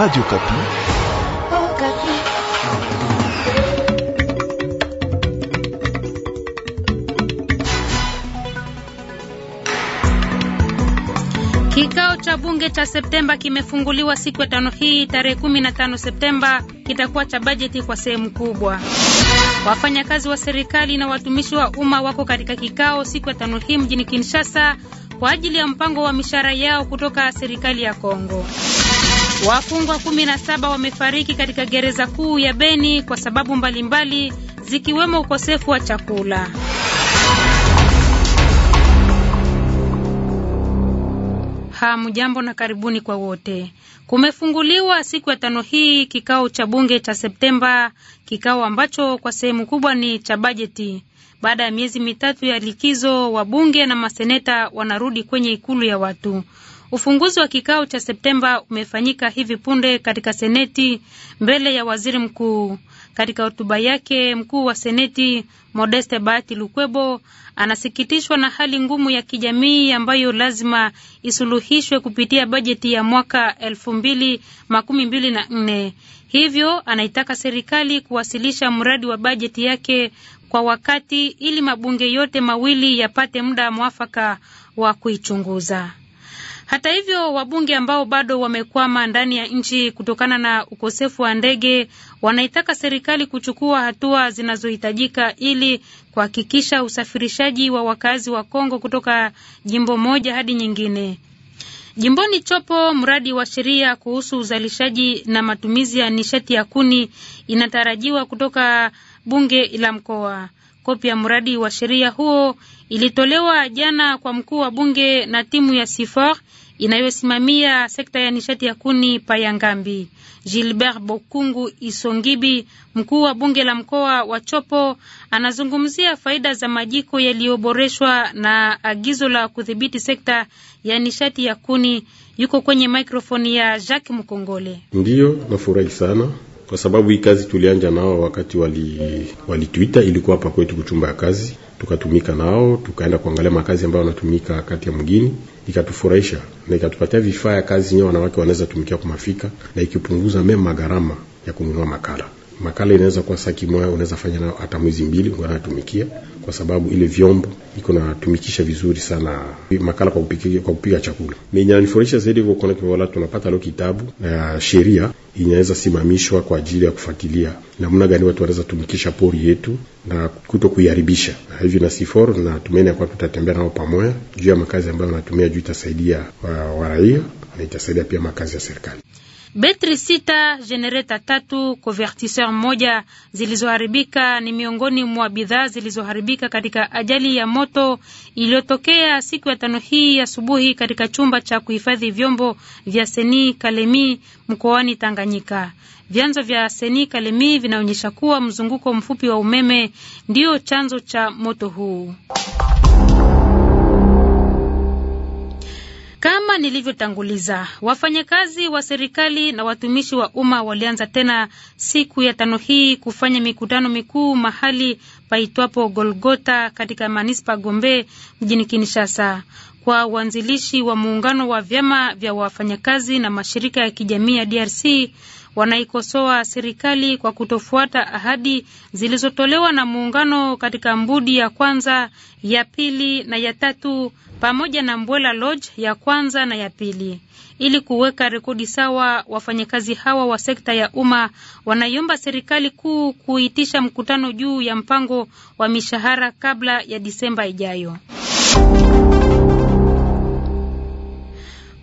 Radio Kapi. Oh, Kapi. Kikao cha bunge cha Septemba kimefunguliwa siku ya tano hii tarehe 15 Septemba kitakuwa cha bajeti kwa sehemu kubwa. Wafanyakazi wa serikali na watumishi wa umma wako katika kikao siku ya tano hii mjini Kinshasa kwa ajili ya mpango wa mishahara yao kutoka serikali ya Kongo. Wafungwa 17 wamefariki katika gereza kuu ya Beni kwa sababu mbalimbali zikiwemo ukosefu wa chakula. Hamjambo na karibuni kwa wote. Kumefunguliwa siku ya tano hii kikao cha bunge cha Septemba, kikao ambacho kwa sehemu kubwa ni cha bajeti. Baada ya miezi mitatu ya likizo, wabunge na maseneta wanarudi kwenye ikulu ya watu. Ufunguzi wa kikao cha Septemba umefanyika hivi punde katika Seneti mbele ya waziri mkuu. Katika hotuba yake, mkuu wa Seneti Modeste Bahati Lukwebo anasikitishwa na hali ngumu ya kijamii ambayo lazima isuluhishwe kupitia bajeti ya mwaka elfu mbili makumi mbili na nne. Hivyo anaitaka serikali kuwasilisha mradi wa bajeti yake kwa wakati ili mabunge yote mawili yapate muda mwafaka wa kuichunguza. Hata hivyo, wabunge ambao bado wamekwama ndani ya nchi kutokana na ukosefu wa ndege wanaitaka serikali kuchukua hatua zinazohitajika ili kuhakikisha usafirishaji wa wakazi wa Kongo kutoka jimbo moja hadi nyingine. Jimboni Chopo, mradi wa sheria kuhusu uzalishaji na matumizi ya nishati ya kuni inatarajiwa kutoka bunge la mkoa. Kopi ya mradi wa sheria huo ilitolewa jana kwa mkuu wa bunge na timu ya SIFOR inayosimamia sekta ya nishati ya kuni Payangambi. Gilbert Bokungu Isongibi, mkuu wa bunge la mkoa wa Chopo, anazungumzia faida za majiko yaliyoboreshwa na agizo la kudhibiti sekta ya nishati ya kuni. Yuko kwenye mikrofoni ya Jacques Mkongole. Ndiyo, nafurahi sana kwa sababu hii kazi tulianja nao wakati walituita, wali ilikuwa hapa kwetu kuchumba ya kazi, tukatumika nao, tukaenda kuangalia makazi ambayo wanatumika kati ya mgini, ikatufurahisha na ikatupatia vifaa ya kazi yenyewe wanawake wanaweza tumikia kumafika na ikipunguza mema magharama ya kununua makala. Makala inaweza kuwa saki moja unaweza fanya nayo hata mwezi mbili unatumikia, kwa sababu ile vyombo iko natumikisha vizuri sana makala kwa kupiga kwa kupiga chakula. Na inanifurahisha zaidi kwa kuona kwamba tunapata leo kitabu na sheria inaweza simamishwa kwa ajili ya kufuatilia namna gani watu wanaweza tumikisha pori yetu na kuto kuiharibisha. Na hivi na sifor na tumeni kwa tutatembea nao pamoja juu ya makazi ambayo wanatumia, juu itasaidia uh, wa raia na itasaidia pia makazi ya serikali. Betri sita, jenereta tatu, kovertiseur moja zilizoharibika ni miongoni mwa bidhaa zilizoharibika katika ajali ya moto iliyotokea siku ya tano hii asubuhi katika chumba cha kuhifadhi vyombo vya Seni Kalemi mkoani Tanganyika. Vyanzo vya Seni Kalemi vinaonyesha kuwa mzunguko mfupi wa umeme ndio chanzo cha moto huu. Kama nilivyotanguliza, wafanyakazi wa serikali na watumishi wa umma walianza tena siku ya tano hii kufanya mikutano mikuu mahali paitwapo Golgota katika manispa Gombe mjini Kinshasa. Kwa uanzilishi wa muungano wa vyama vya wafanyakazi na mashirika ya kijamii ya DRC wanaikosoa serikali kwa kutofuata ahadi zilizotolewa na muungano katika mbudi ya kwanza, ya pili na ya tatu pamoja na Mbwela Lodge ya kwanza na ya pili. Ili kuweka rekodi sawa, wafanyakazi hawa wa sekta ya umma wanaiomba serikali kuu kuitisha mkutano juu ya mpango wa mishahara kabla ya Disemba ijayo.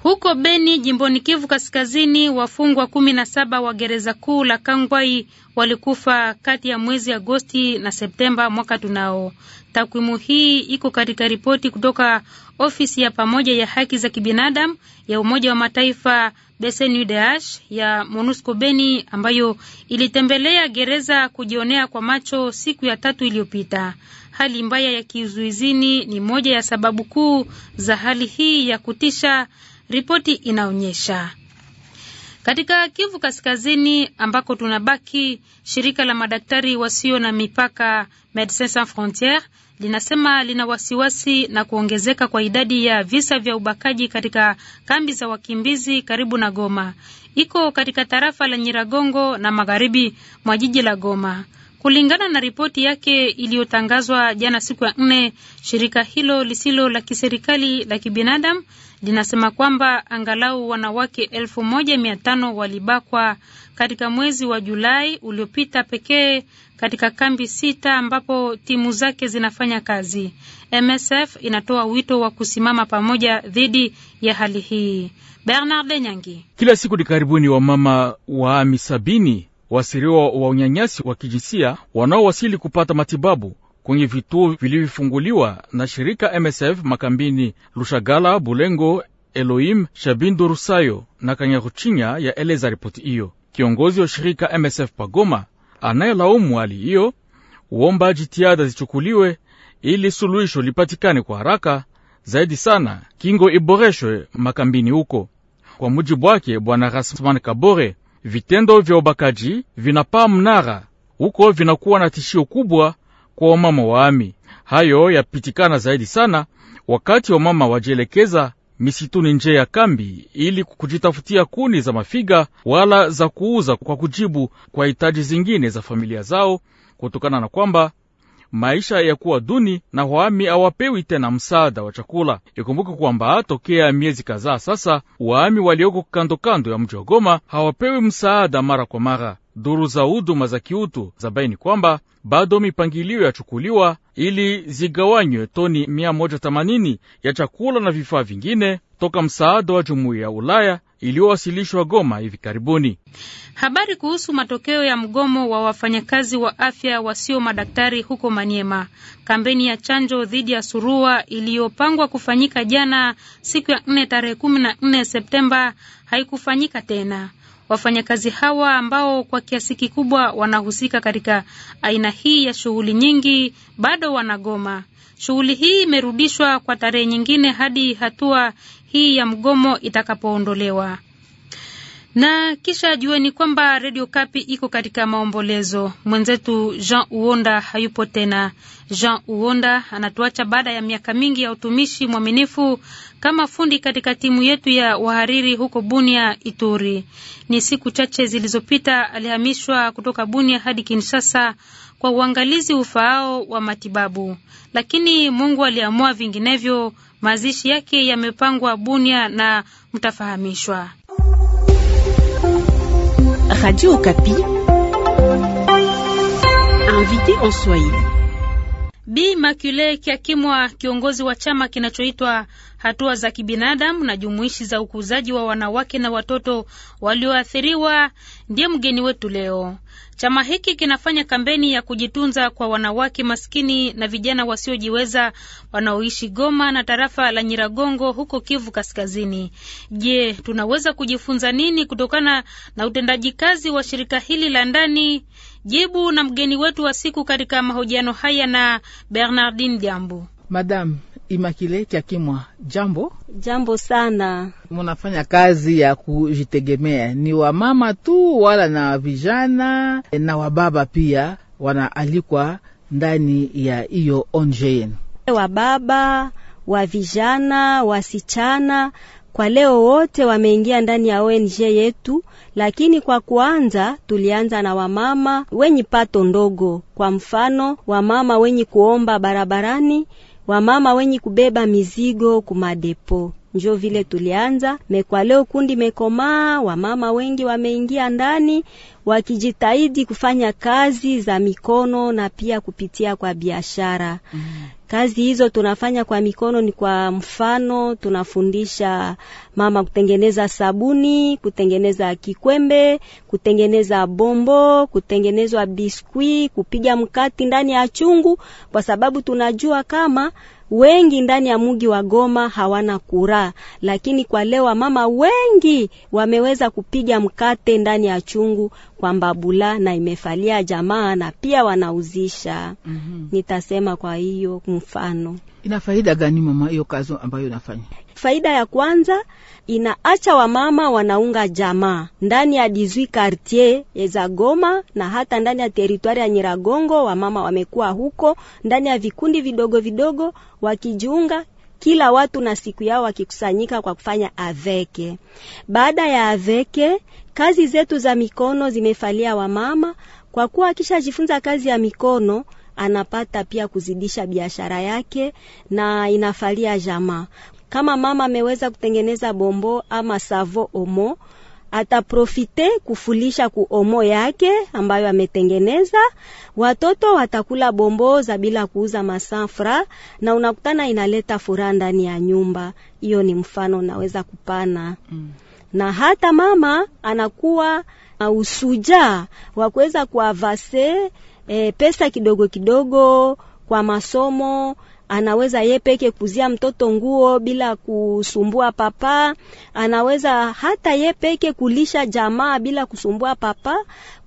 Huko Beni jimboni Kivu Kaskazini, wafungwa kumi na saba wa gereza kuu la Kangwai walikufa kati ya mwezi Agosti na Septemba mwaka tunao. Takwimu hii iko katika ripoti kutoka ofisi ya pamoja ya haki za kibinadamu ya Umoja wa Mataifa BCNUDH ya MONUSCO Beni ambayo ilitembelea gereza kujionea kwa macho siku ya tatu iliyopita. Hali mbaya ya kizuizini ni moja ya sababu kuu za hali hii ya kutisha ripoti inaonyesha. Katika Kivu Kaskazini ambako tunabaki, shirika la madaktari wasio na mipaka Medecins Sans Frontieres linasema lina wasiwasi na kuongezeka kwa idadi ya visa vya ubakaji katika kambi za wakimbizi karibu na Goma. Iko katika tarafa la Nyiragongo na magharibi mwa jiji la Goma. Kulingana na ripoti yake iliyotangazwa jana siku ya nne, shirika hilo lisilo la kiserikali la kibinadamu linasema kwamba angalau wanawake elfu moja mia tano walibakwa katika mwezi wa Julai uliopita pekee katika kambi sita ambapo timu zake zinafanya kazi. MSF inatoa wito wa kusimama pamoja dhidi ya hali hii. Bernard Nyangi. Kila siku ni karibuni wamama waami sabini wasiriwa wa unyanyasi wa kijinsia wanaowasili kupata matibabu kwenye vituo vilivyofunguliwa na shirika MSF makambini Lushagala, Bulengo, Elohim, Shabindo, Rusayo na Kanyaruchinya, ya eleza ripoti hiyo. Kiongozi wa shirika MSF Pagoma anayelaumu hali hiyo uomba jitihada zichukuliwe ili suluhisho lipatikane kwa haraka zaidi sana, kingo iboreshwe makambini huko. Kwa mujibu wake Bwana Rasman Kabore Vitendo vya ubakaji vinapaa mnara huko, vinakuwa na tishio kubwa kwa wamama waami. Hayo yapitikana zaidi sana wakati wamama wajielekeza misituni nje ya kambi ili kujitafutia kuni za mafiga wala za kuuza kwa kujibu kwa hitaji zingine za familia zao, kutokana na kwamba maisha ya kuwa duni na waami awapewi tena msaada wa chakula. Ikumbuke kwamba tokea miezi kadhaa sasa, waami walioko kandokando ya mji wa Goma hawapewi msaada mara kwa mara. Duru za huduma za kiutu baini kwamba bado mipangilio yachukuliwa ili zigawanywe toni 180 ya chakula na vifaa vingine toka msaada wa jumuiya ya Ulaya iliyowasilishwa Goma hivi karibuni. Habari kuhusu matokeo ya mgomo wa wafanyakazi wa afya wasio madaktari huko Maniema. Kampeni ya chanjo dhidi ya surua iliyopangwa kufanyika jana siku ya 4 tarehe 14 Septemba haikufanyika tena. Wafanyakazi hawa ambao kwa kiasi kikubwa wanahusika katika aina hii ya shughuli nyingi bado wanagoma. Shughuli hii imerudishwa kwa tarehe nyingine hadi hatua hii ya mgomo itakapoondolewa. Na kisha jueni kwamba Radio Kapi iko katika maombolezo. Mwenzetu Jean Uonda hayupo tena. Jean Uonda anatuacha baada ya miaka mingi ya utumishi mwaminifu kama fundi katika timu yetu ya wahariri huko Bunia, Ituri. Ni siku chache zilizopita alihamishwa kutoka Bunia hadi Kinshasa kwa uangalizi ufaao wa matibabu, lakini Mungu aliamua vinginevyo. Mazishi yake yamepangwa Bunia na mtafahamishwa. Radio Capi invité en Swahili. Bi Makule Kiakimwa, kiongozi wa chama kinachoitwa hatua za kibinadamu na jumuishi za ukuzaji wa wanawake na watoto walioathiriwa, ndiye mgeni wetu leo. Chama hiki kinafanya kampeni ya kujitunza kwa wanawake maskini na vijana wasiojiweza wanaoishi Goma na tarafa la Nyiragongo huko Kivu Kaskazini. Je, tunaweza kujifunza nini kutokana na utendaji kazi wa shirika hili la ndani? jibu na mgeni wetu wa siku katika mahojiano haya na bernardin Jambu. Madam imakile Akimwa, jambo. Jambo sana. Munafanya kazi ya kujitegemea, ni wamama tu wala na vijana na wababa pia wanaalikwa ndani ya hiyo ONG yenu? Wababa, wa vijana, wasichana kwa leo wote wameingia ndani ya ONG yetu, lakini kwa kuanza tulianza na wamama wenye pato ndogo, kwa mfano wamama wenye kuomba barabarani, wamama wenye kubeba mizigo kumadepo njo vile tulianza mekwa. Leo kundi mekomaa, wamama wengi wameingia ndani wakijitahidi kufanya kazi za mikono na pia kupitia kwa biashara mm. Kazi hizo tunafanya kwa mikono ni kwa mfano, tunafundisha mama kutengeneza sabuni, kutengeneza kikwembe, kutengeneza bombo, kutengenezwa biskwi, kupiga mkati ndani ya chungu, kwa sababu tunajua kama wengi ndani ya mugi wa Goma hawana kura, lakini kwa leo wamama wengi wameweza kupiga mkate ndani ya chungu kwamba na imefalia jamaa na pia wanauzisha. mm -hmm. Nitasema kwa hiyo mfano, ina faida gani mama hiyo kazi ambayo inafanya? Faida ya kwanza inaacha wamama wanaunga jamaa ndani ya dizui quartier za Goma na hata ndani ya teritwari ya Nyiragongo. Wamama wamekuwa huko ndani ya vikundi vidogo vidogo wakijiunga kila watu na siku yao wakikusanyika kwa kufanya aveke. Baada ya aveke, Kazi zetu za mikono zimefalia wamama, kwa kuwa akishajifunza kazi ya mikono anapata pia kuzidisha biashara yake na inafalia jamaa. Kama mama ameweza kutengeneza bombo ama savo omo, ataprofite kufulisha ku omo yake ambayo ametengeneza. Watoto watakula bombo za bila kuuza masafra, na unakutana inaleta furaha ndani ya nyumba. Hiyo ni mfano naweza kupana mm na hata mama anakuwa uh, usuja wa kuweza kuavase e, pesa kidogo kidogo kwa masomo anaweza ye peke kuzia mtoto nguo bila kusumbua papa, anaweza hata ye peke kulisha jamaa bila kusumbua papa,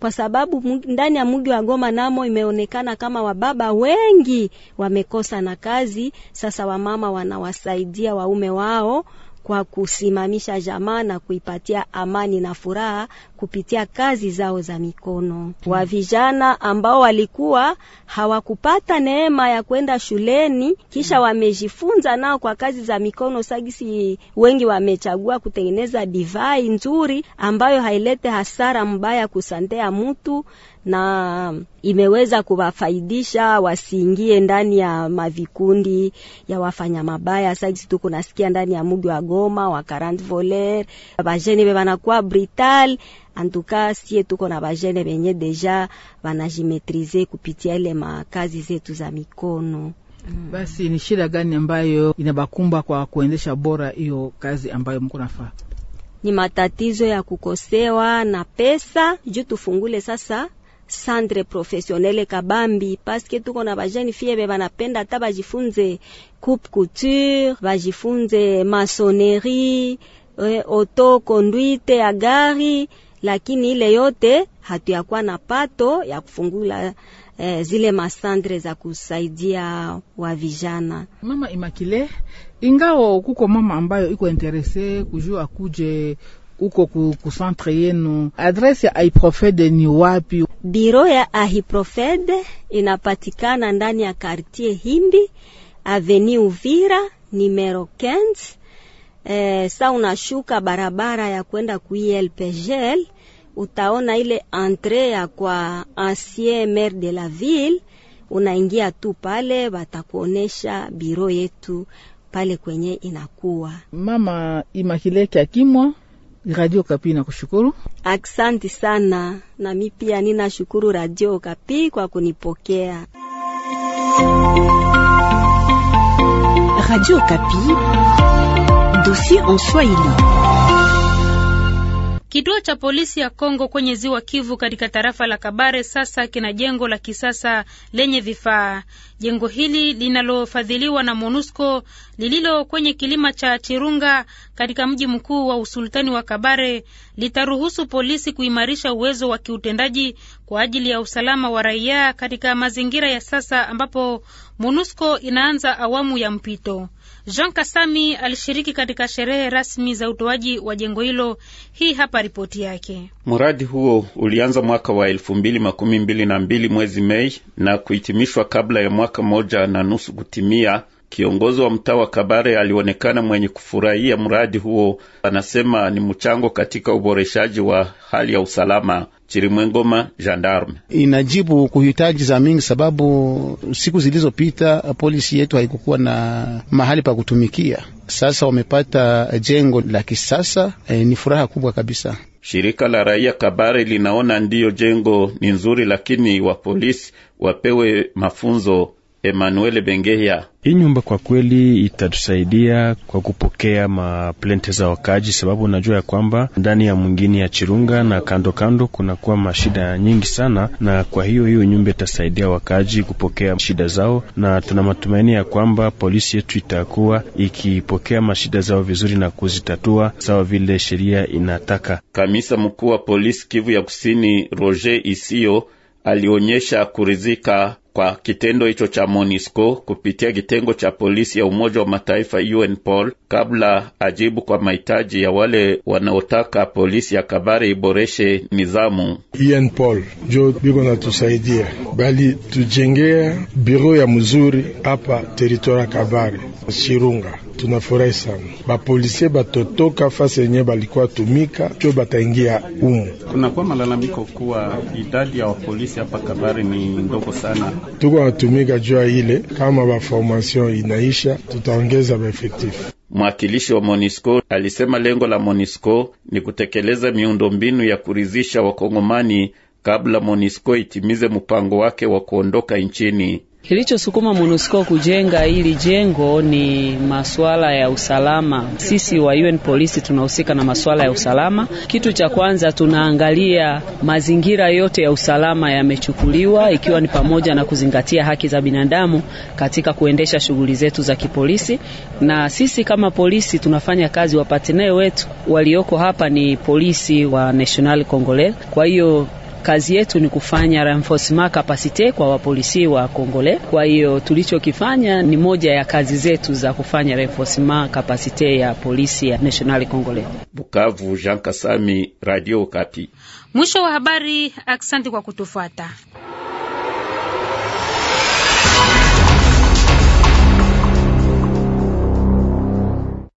kwa sababu ndani ya mji wa Goma namo imeonekana kama wababa wengi wamekosa na kazi. Sasa wamama wanawasaidia waume wao kwa kusimamisha jamaa na kuipatia amani na furaha kupitia kazi zao za mikono. Hmm. Wa vijana ambao walikuwa hawakupata neema ya kwenda shuleni, kisha hmm. wamejifunza nao kwa kazi za mikono. Sagisi wengi wamechagua kutengeneza divai nzuri ambayo hailete hasara mbaya kusantea mtu na imeweza kuwafaidisha wasiingie ndani ya mavikundi ya wafanya mabaya. Sasa tuko nasikia ndani ya mugi wa Goma wa Karant Voler wajeni banakuwa Brital Antuka sie tuko na bajene benye deja banajimetrize kupitia ile makazi zetu za mikono. Mm. Basi ni shida gani ambayo inabakumba kwa kuendesha bora hiyo kazi ambayo mko nafaa? Ni matatizo ya kukosewa na pesa juu tufungule sasa centre professionnel Kabambi paske tuko na bajeni fie be banapenda hata bajifunze coupe couture, bajifunze masonerie, eh, auto conduite ya gari lakini ile yote hatuyakuwa na pato ya kufungula eh, zile masandre za kusaidia wa vijana. Mama Imakile, ingawa kuko mama ambayo iko interese kujua kuje uko centre yenu, adresse ya Aiprofede ni wapi? Biro ya Aiprofede inapatikana ndani ya kartier Himbi, aveni Uvira, numero 15 eh, sa unashuka barabara ya kwenda kuilpgl utaona ile entrée ya kwa ancien maire de la ville, unaingia tu pale, watakuonesha biro yetu pale kwenye inakuwa. Mama Imakileke Akimwa, Radio Kapi na kushukuru Aksanti sana, nami pia ninashukuru Radio Kapi kwa kunipokea. Radio Kapi Dossier en Swahili. Kituo cha polisi ya Kongo kwenye ziwa Kivu katika tarafa la Kabare sasa kina jengo la kisasa lenye vifaa. Jengo hili linalofadhiliwa na MONUSCO lililo kwenye kilima cha Chirunga katika mji mkuu wa usultani wa Kabare litaruhusu polisi kuimarisha uwezo wa kiutendaji kwa ajili ya usalama wa raia katika mazingira ya sasa ambapo MONUSCO inaanza awamu ya mpito. Jean Kasami alishiriki katika sherehe rasmi za utoaji wa jengo hilo. Hii hapa ripoti yake. Mradi huo ulianza mwaka wa elfu mbili makumi mbili na mbili mwezi Mei na kuhitimishwa kabla ya mwaka moja na nusu kutimia Kiongozi wa mtaa wa Kabare alionekana mwenye kufurahia mradi huo, anasema ni mchango katika uboreshaji wa hali ya usalama. Chirimwengoma gendarme inajibu kuhitaji za mingi, sababu siku zilizopita polisi yetu haikukuwa na mahali pa kutumikia. Sasa wamepata jengo la kisasa e, ni furaha kubwa kabisa. Shirika la raia Kabare linaona ndiyo jengo ni nzuri, lakini wa polisi wapewe mafunzo Emmanuel Bengeya. Hii nyumba kwa kweli itatusaidia kwa kupokea maplente za wakaji, sababu unajua ya kwamba ndani ya mwingine ya Chirunga na kando kando kunakuwa mashida nyingi sana, na kwa hiyo hiyo nyumba itasaidia wakaji kupokea shida zao, na tuna matumaini ya kwamba polisi yetu itakuwa ikipokea mashida zao vizuri na kuzitatua sawa vile sheria inataka. Kamisa mkuu wa polisi Kivu ya Kusini Roger Isio alionyesha kuridhika kwa kitendo hicho cha MONUSCO kupitia kitengo cha polisi ya Umoja wa Mataifa UNPOL, kabla ajibu kwa mahitaji ya wale wanaotaka polisi ya Kabare iboreshe nizamu. UNPOL jo biko natusaidia bali tujengea biro ya mzuri hapa teritoria Kabare Shirunga tunafurahi sana, bapolisie batotoka fasi yenye balikuwa tumika cho bataingia umu. Kunakuwa malalamiko kuwa idadi ya wapolisi hapa Kabare ni ndogo sana, tuko natumika jua ile. Kama baformasion inaisha, tutaongeza baefektifu. Mwakilishi wa MONISCO alisema lengo la MONISCO ni kutekeleza miundombinu ya kuridhisha wakongomani kabla MONISCO itimize mpango wake wa kuondoka nchini. Kilichosukuma MONUSCO kujenga hili jengo ni masuala ya usalama. Sisi wa UN polisi tunahusika na masuala ya usalama. Kitu cha kwanza tunaangalia mazingira yote ya usalama yamechukuliwa, ikiwa ni pamoja na kuzingatia haki za binadamu katika kuendesha shughuli zetu za kipolisi. Na sisi kama polisi tunafanya kazi, wapatinae wetu walioko hapa ni polisi wa National Congolais, kwa hiyo kazi yetu ni kufanya reinforcement capacity kwa wapolisi wa Kongole. Kwa hiyo tulichokifanya ni moja ya kazi zetu za kufanya reinforcement capacity ya polisi ya national Kongole. Bukavu, Jean Kasami, Radio Kapi. Mwisho wa habari, asante kwa kutufuata.